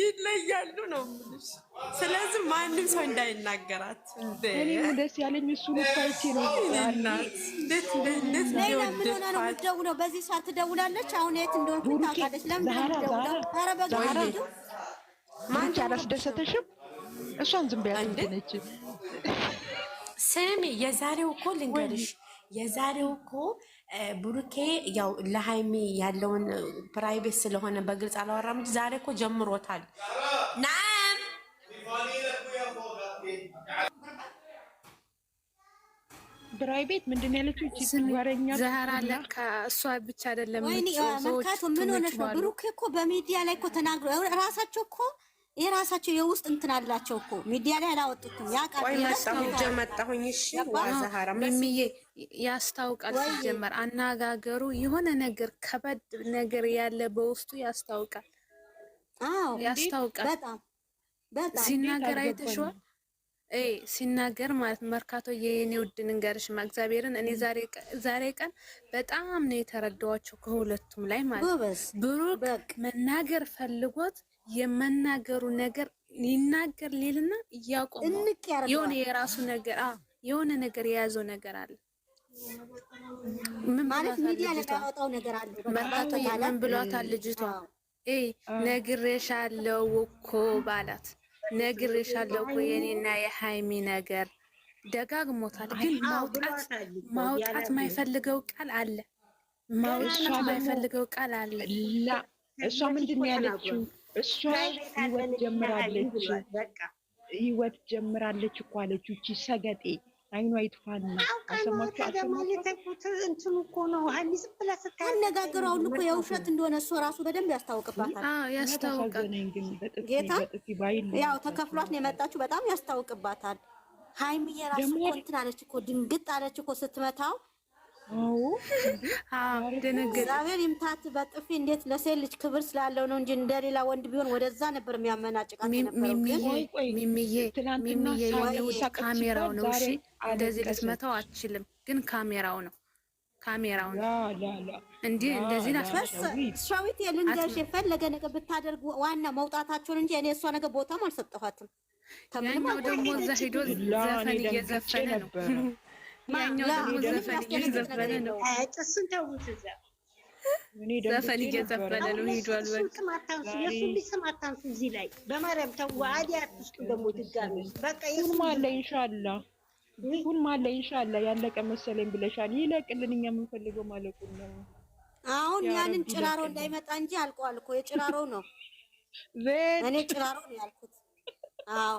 ይለያሉ ነው የምልሽ። ስለዚህ ማንም ሰው እንዳይናገራት። እኔ ደስ ያለኝ እሱ ነው። በዚህ ሰዓት ትደውላለች። አሁን የት እንደሆንኩኝ ታውቃለች። ለምን አላስደሰተሽም? እሷን ዝም በያት ነች ስሚ የዛሬው እኮ ልንገርሽ፣ የዛሬው እኮ ብሩኬ ያው ለሃይሚ ያለውን ፕራይቬት ስለሆነ በግልጽ አላወራም እንጂ ዛሬ እኮ ጀምሮታል። ናም ፕራይቬት ምንድን ያለችው ዛህራ ለካ እሷ ብቻ አይደለም። ወይኔ መርካቶ ምን ሆነሽ ነው? ብሩኬ እኮ በሚዲያ ላይ እኮ ተናግሮ ራሳቸው እኮ የራሳቸው የውስጥ እንትን አላቸው እኮ ሚዲያ ላይ አላወጡትም። ያ ቃል መጣሁጀ መጣሁኝ ዋዛሃራ ሚሚዬ ያስታውቃል። ሲጀመር አነጋገሩ የሆነ ነገር ከበድ ነገር ያለ በውስጡ ያስታውቃል። አዎ ያስታውቃል። በጣም በጣም ሲናገር አይተሽዋል። ሲናገር ማለት ነው። መርካቶ የኔ ውድ ንገርሽማ እግዚአብሔርን እኔ ዛሬ ቀን በጣም ነው የተረዳዋቸው ከሁለቱም ላይ ማለት ነው። ብሩክ መናገር ፈልጎት የመናገሩ ነገር ሊናገር ሌልና እያቆመ የሆነ የራሱ ነገር የሆነ ነገር የያዘው ነገር አለ ምን ብሏታል ልጅቷ? ነግሬሻለው እኮ ባላት ነግሬሻለሁ እኮ የኔና የሀይሚ ነገር ደጋግሞታል። ግን ማውጣት ማውጣት ማይፈልገው ቃል አለ፣ ማውጣት ማይፈልገው ቃል አለ። እሷ ምንድን ያለችው? እሷ ህይወት ጀምራለች፣ ህይወት ጀምራለች እኮ አለች። ይቺ ሰገጤ አይኗ ይጥፋና አሰማችሁ የተኩት እንትኑ እኮ ነው። ሀይሚ ዝም ብላ ስታይ አነጋገሯን እኮ የውሸት እንደሆነ እሱ ራሱ በደንብ ያስታውቅባታል። ያስታውቃል። ጌታ ያው ተከፍሏት ነው የመጣችሁ። በጣም ያስታውቅባታል። ሀይሚ የራሱ እኮ እንትን አለች እኮ ድንግጥ አለች እኮ ስትመታው እግዚአብሔር ይምታት በጥፊ እንዴት ለሴት ልጅ ክብር ስላለው ነው እንጂ እንደሌላ ወንድ ቢሆን ወደዛ ነበር የሚያመናጭቃት የነበረው። ካሜራው ነው እሺ፣ እንደዚህ ልትመታው አትችልም፣ ግን ካሜራው ነው ካሜራውን እንዲህ እንደዚህ ናሸዊት ልንገርሽ፣ የፈለገ ነገር ብታደርግ ዋና መውጣታቸውን እንጂ እኔ እሷ ነገር ቦታም አልሰጠኋትም። ያኛው ደግሞ እዛ ሄዶ ዘፈን እየዘፈነ ነው ጭሱን ዘፈን እየዘፈነ ነው ሄዷል። እዚህ ላይ በማርያም ተው። አዲያት ደግሞ ድጋሚ በቃ ሁሉም አለ ኢንሻላ ሁሉም አለ ኢንሻላ። ያለቀ መሰለኝ ብለሻል። ይለቅልን፣ እኛ የምንፈልገው ማለቁን ነው። አሁን ያንን ጭራሮ እንዳይመጣ እንጂ አልቋል እኮ የጭራሮ ነው። እኔ ጭራሮ ነው ያልኩት። አዎ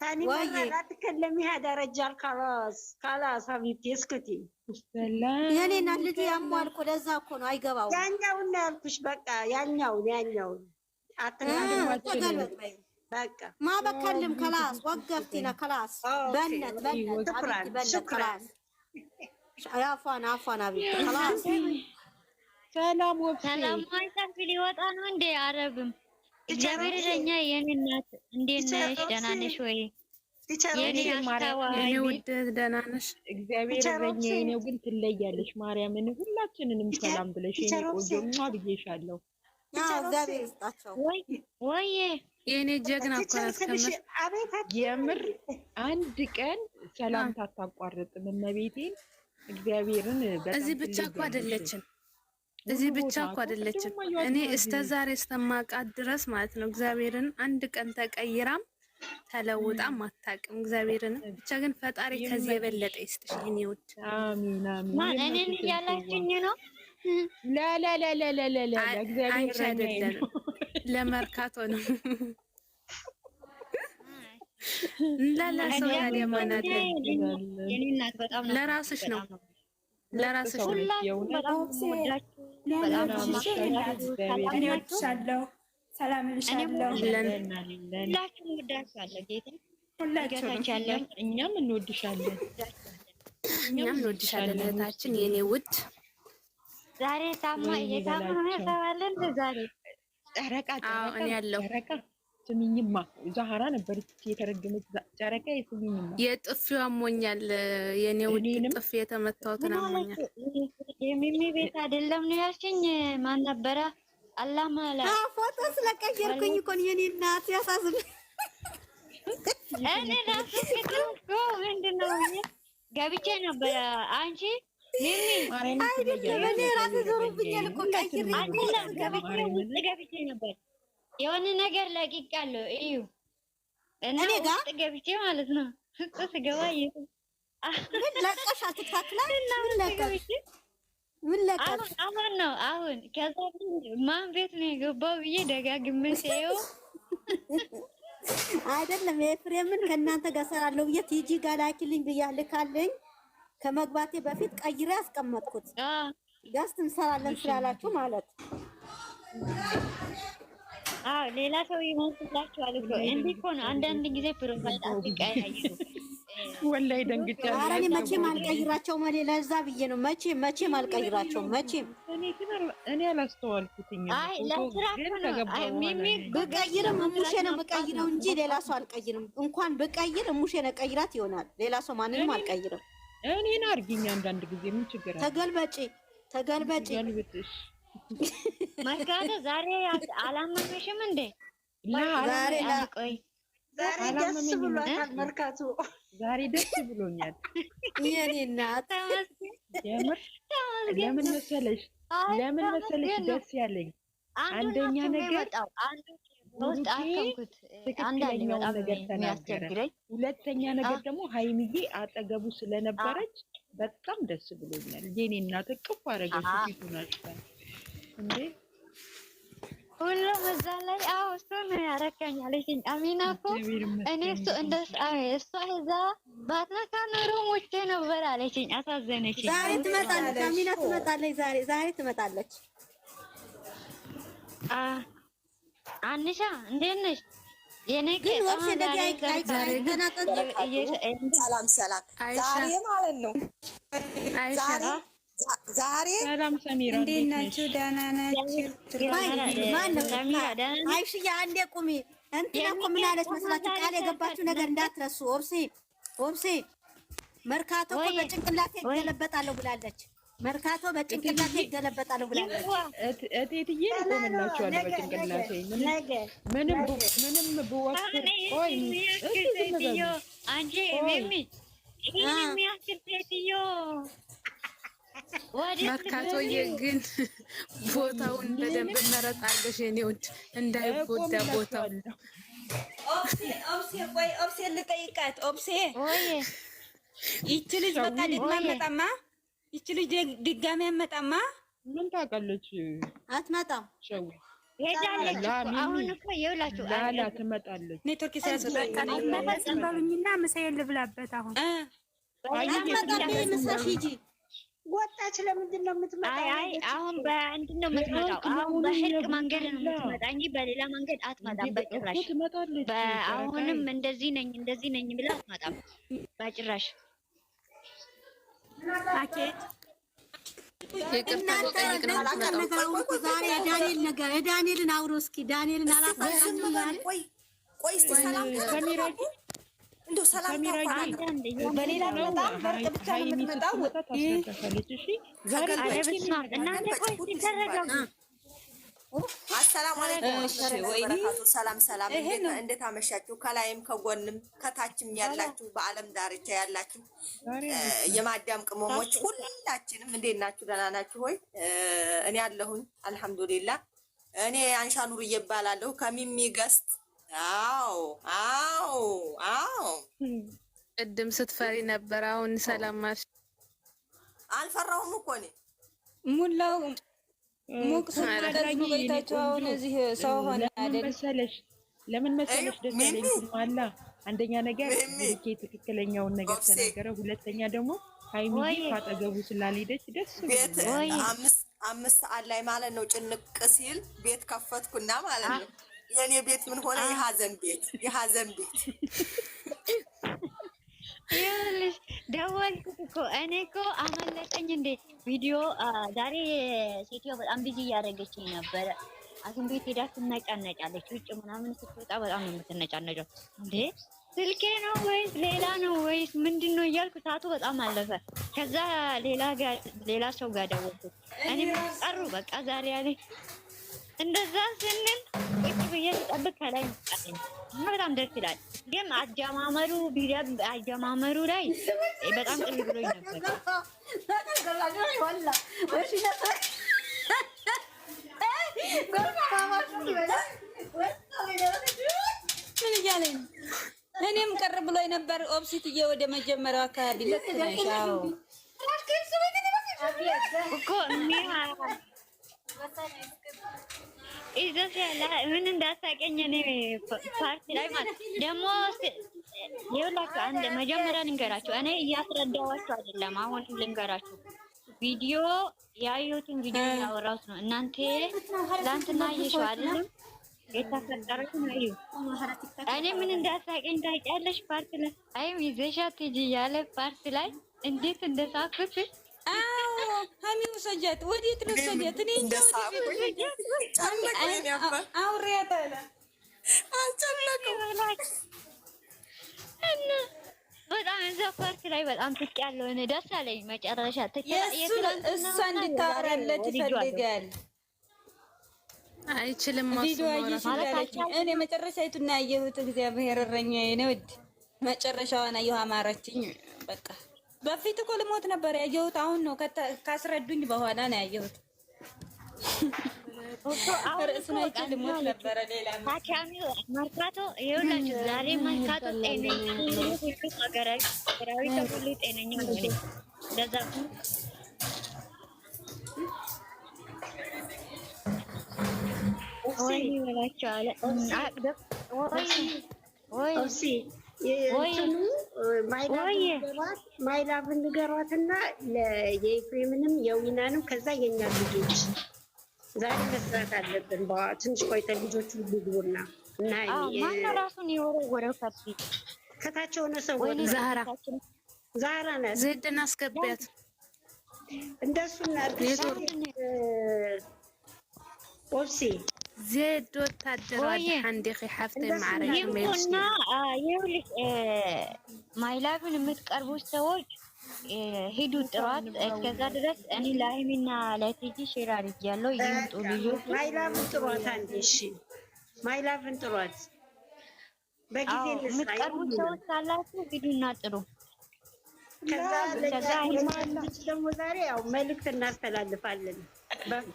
ታኒ መሀል አትከለሚ ያደረጃል። ካላስ ካላስ ሀቢብቲ እስክቲ የኔና ልጁ ያሟል እኮ ለዛ እኮ ነው አይገባው። ያኛውን ነው ያልኩሽ። በቃ ያኛውን ያኛውን በቃ ማበከልም ከላስ ወገፍቲና ከላስ በነት በነት በነት ከላስ አፏን አፏን አብይ ከላስ ሰላም ወብሲ ሰላም ማይታክ ሊወጣ ነው እንዴ አረብም እግዚአብሔር ለኛ የኔ እናት እንዴት ነሽ? ደህና ነሽ ወይ? የኔ ውድ ደህና ነሽ? እግዚአብሔር የኔው ግን ትለያለሽ። ማርያምን ሁላችንንም ሰላም ብለሽ የኔ ቆንጆ ብዬሻለሁ። የኔ ጀግና እኮ የምር አንድ ቀን ሰላምታ አታቋርጥም። እመቤቴን እግዚአብሔርን እዚህ ብቻ እኮ አይደለችም እዚህ ብቻ እኮ አይደለችም። እኔ እስከ ዛሬ እስተማቃት ድረስ ማለት ነው እግዚአብሔርን አንድ ቀን ተቀይራም ተለውጣም አታውቅም። እግዚአብሔርን ብቻ ግን ፈጣሪ ከዚህ የበለጠ ይስጥሽ የኔ ውድ። እኔን እያላችኝ ነው። ላላላላላላ አንቺ አይደለም ለመርካቶ ነው ላላ ሰው ያለ ማናት ለራስሽ ነው ለራስሽ ነው። እወድሻለሁ። ሰላም እልሻለሁ። ሁላችሁም እወዳችኋለሁ። ጌታ ሁላችሁም፣ እኛም እንወድሻለን። እኛም እንወድሻለን እህታችን፣ የኔ ውድ ዛሬ ታማ እየታመመ ዛሬ ጨረቃ እኔ ያለው ስሚኝማ ዛህራ ነበረች የተረገመች ጨረቃ የስሚኝማ የጥፊው አሞኛል። የኔ ውድ ጥፊ የተመታሁትን አሞኛል። የሚሚ ቤት አይደለም ነው ያልሽኝ? ማን ነበረ? አላማ ላይ ፎቶ ስለቀየርኩኝ እኮ የኔ እናት ያሳዝን። እኔ ናት ስከተልኩ ምንድን ነው ገብቼ ነበረ አንቺ የሆነ ነገር ለቂቃለሁ። እዩ እኔ ጋር ገብቼ ማለት ነው። ውስጥ ስገባ ምን ለቀሻ ትክታክላ ምን ለቀሽ አሁን ነው አሁን። ከዛ ማን ቤት ነው የገባው ብዬ ደጋግሜ ሳየው አይደለም የፍሬምን ከእናንተ ጋር ሰራለሁ ብዬ ቲጂ ጋር ላኪልኝ ብያ ልካለኝ። ከመግባቴ በፊት ቀይሬ ያስቀመጥኩት ጋስት እንሰራለን ስላላችሁ ማለት ሌላ ሰው ይመስላችኋል እኮ። እንዲህ እኮ ነው አንዳንድ ጊዜ ፕሮፋይል አፍሪቃ ወላሂ ደንግጫለሁ። ኧረ እኔ መቼም አልቀይራቸውም። ለዛ ብዬ ነው መቼም መቼም አልቀይራቸውም። መቼም እኔ አላስተዋልኩትኝም። ብቀይርም እሙሼ ነው የምቀይረው እንጂ ሌላ ሰው አልቀይርም። እንኳን ብቀይር እሙሼ ነው ቀይራት ይሆናል። ሌላ ሰው ማንንም አልቀይርም። እኔን አድርጊኝ። አንዳንድ ጊዜ ምን ችግር አለ? ተገልበጪ ተገልበጪ። መጋደ ዛሬ አላመመሽም እንዴ? ዛሬ ቆይ ዛሬ ደስ ብሎኛል። የኔ እናት ለምን መሰለሽ ለምን መሰለሽ ደስ ያለኝ አንደኛ ነገር ትክክለኛው ነገር ተናገረ። ሁለተኛ ነገር ደግሞ ሀይሚዬ አጠገቡ ስለነበረች በጣም ደስ ብሎኛል። የኔ እናት እቅፍ አደረገች ፊቱን አጭታ እንዴ ሁሉም እዛ ላይ አዎ፣ እሱ ነው ያረካኛለች። አሚና እኮ እኔ እሱ እንደ እሷ እዛ ባትነካ ኖሮ ሞቼ ነበር አለችኝ። አሳዘነች። ዛሬ ትመጣለች፣ አሚና ትመጣለች። ዛሬ ዛሬ ትመጣለች። አንሻ እንዴት ነሽ? የኔ ሰላም ሰላም። ዛሬ ማለት ነው ዛሬ እንዴት ናችሁ? ደህና ናችሁ? አይሽዬ አንዴ ቁሚ። እንትና እኮ ምን አለች መስላችሁ? ቃል የገባችሁ ነገር እንዳትረሱ። ኦብሲ ኦብሲ መርካቶ እኮ በጭንቅላቴ ይገለበጣለሁ ብላለች። መርካቶ በጭንቅላቴ ይገለበጣለሁ ብላለች። እቴትዬ ቆምላችኋለሁ። በጭንቅላቴ ምንም ምንም ብወክር ቆይ አንቺ ሚሚ ይህን የሚያስል ሴትዮ መርካቶዬ ግን ቦታውን በደንብ መረጥ አድርገሽ የኔ ውድ እንዳይጎዳ ቦታው። ኦብሴ ቆይ ኦብሴ ልጠይቃት። ኦብሴ ይቺ ልጅ በቃ ደግማ አትመጣማ። ይቺ ልጅ ድጋሚ አትመጣማ። ምን ታውቃለች? አትመጣም። ሄዳለች። አሁን እኮ ይኸውላችሁ ላላ ትመጣለች። ኔትወርክ ሲያስበቃ ምሳዬን ልብላበት አሁን ወጣች። ለምንድን ነው የምትመጣው? አይ አሁን በእንትን ነው የምትመጣው። አሁን በህግ መንገድ ነው የምትመጣ እንጂ በሌላ መንገድ አትመጣም በጭራሽ። አሁንም እንደዚህ ነኝ እንደዚህ ነኝ ብላ አትመጣም በጭራሽ። ኦኬ ዛሬ ነገር ዳንኤልን አውሮ እስኪ ዳንኤልን አላፈ ቆይ እንደው ሰላም ሰላም እንዴት አመሻችሁ? ከላይም ከጎንም ከታችም ያላችሁ በዓለም ዳርቻ ያላችሁ የማዳም ቅመሞች ሁላችንም እንዴት ናችሁ? ደህና ናችሁ ሆይ? እኔ አለሁኝ አልሐምዱሊላ። እኔ እባላለሁ ከሚሚ ገስት አዎ አዎ አዎ። ቅድም ስትፈሪ ነበር፣ አሁን ሰላም ማርሽ። አልፈራሁም እኮ እኔ ሙላው ሙቅ ስናደርግ በይታችሁ አሁን እዚህ ሰው ሆነ አይደል ለምን መሰለሽ ደስ ያለኝ አላ አንደኛ ነገር ልኬ ትክክለኛውን ነገር ተነገረ። ሁለተኛ ደግሞ ሀይሚ ካጠገቡ ስላልሄደች ደስ ቤት አምስት ሰዓት ላይ ማለት ነው ጭንቅ ሲል ቤት ከፈትኩና ማለት ነው የእኔ ቤት ምን ሆነ? የሀዘን ቤት የሀዘን ቤት ይኸውልሽ ደወልኩት እኮ እኔ እኮ አመለጠኝ እንዴ ቪዲዮ ዛሬ ሴትዮ በጣም ቢዚ እያደረገችኝ ነበረ። አሁን ቤት ሄዳ ትነጫነጫለች። ውጭ ምናምን ስትወጣ በጣም ነው የምትነጫነጨው። እንዴ ስልኬ ነው ወይስ ሌላ ነው ወይስ ምንድን ነው እያልኩ ሰዓቱ በጣም አለፈ። ከዛ ሌላ ሰው ጋር ደወልኩት። እኔ ቀሩ በቃ ዛሬ ያለኝ እንደዛ ስንል ቁጭ ብዬ ስጠብቅ ከላይ እና በጣም ደስ ይላል። ግን አጀማመሩ ቢደምብ አጀማመሩ ላይ በጣም ቅር ብሎኝ ነበር። ምን እያለኝ እኔም ቅር ብሎኝ ነበር። ኦብሲትዬ ወደ መጀመሪያው አካባቢ ለትነሻው እኮ እኮ ይዞሽ ያለ ምን እንዳሳቀኝ እኔ ፓርቲ ላይ ማለት ደግሞ ይኸውላችሁ፣ አንድ መጀመሪያ ልንገራችሁ። እኔ አይደለም፣ አሁን ልንገራችሁ። ቪዲዮ ቪዲዮ ያወራሁት ነው። እናንተ ትናንትና አየሽው አይደለም? የተፈጠረውን አዩ። እኔ ምን እንዳሳቀኝ ታውቂያለሽ? ፓርቲ ላይ አይ ይዘሻት ሂጂ ያለ ፓርቲ ላይ እንዴት እንደሳኩት ሀሚ ውሰጃት፣ ወዴት ነው ውሰጃት? እኔ አውሬያታለሁ። እና በጣም እዛ ፓርቲ ላይ በጣም ትቅ ያለው ደስ አለኝ። መጨረሻ እሷ እንድታወራለት ይፈልጋል። አይችልም እኔ መጨረሻ ይቱና ያየሁት እግዚአብሔር እረኛዬ ነው። መጨረሻዋን አየሁ አማረችኝ በቃ በፊት እኮ ልሞት ነበር ያየሁት። አሁን ነው ካስረዱኝ በኋላ ነው ያየሁት። ወይ ወይ ማይላቭን ንገሯትና የኤፍሬምንም የዊናንም ከዛ የኛ ልጆች ዛሬ መስራት አለብን። ትንሽ ቆይተን ልጆቹ ልግቡና እና ራሱን የወረወረው ከታች የሆነ ሰው ዛራ ዛራ ነ ዜድን አስገቢያት እንደሱ ኦፕሲ ዜድ ወታደር አንዴ ሀፍተ ማዕረግ ይኸውልሽ፣ ማይላብን የምትቀርቡት ሰዎች ሂዱ ጥሯት። እስከዛ ድረስ እኔ ለሀይሚና ለቲጂ ሼር አድርጊያለሁ። ይምጡ ልጆች። ማይላብን ጥሯት አንዴ። እሺ ማይላብን ጥሯት። በጊዜ የምትቀርቡት ሰዎች ካላችሁ ሂዱና ጥሩ። ከዛ ደግሞ ዛሬ ያው መልዕክት እናስተላልፋለን።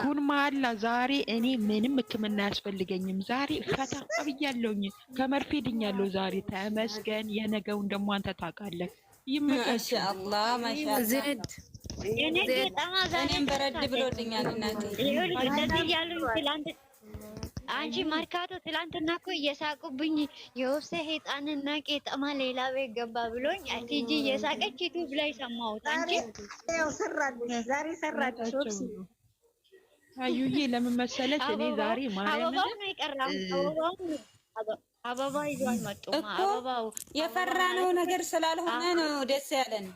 ኩን ማላ ዛሬ እኔ ምንም ሕክምና አያስፈልገኝም። ዛሬ ፈታ ብያለሁኝ፣ ከመርፌ ድኛለሁ። ዛሬ ተመስገን። የነገውን ደግሞ አንተ ታውቃለህ። አንቺ ማርካቶ ትላንትና እኮ እየሳቁብኝ የወፍሰ ሄጣንና ቄጠማ ሌላ ቤት ገባ ብሎኝ አቲጂ እየሳቀች ዩቱብ ላይ ሰማሁት። አንቺ ያው ሰራች ዛሬ ሰራች አዩዬ ለምን መሰለሽ እኔ ዛሬ ማርያምን አበባ ይዟል መጡ። አበባው የፈራነው ነገር ስላልሆነ ነው ደስ ያለን።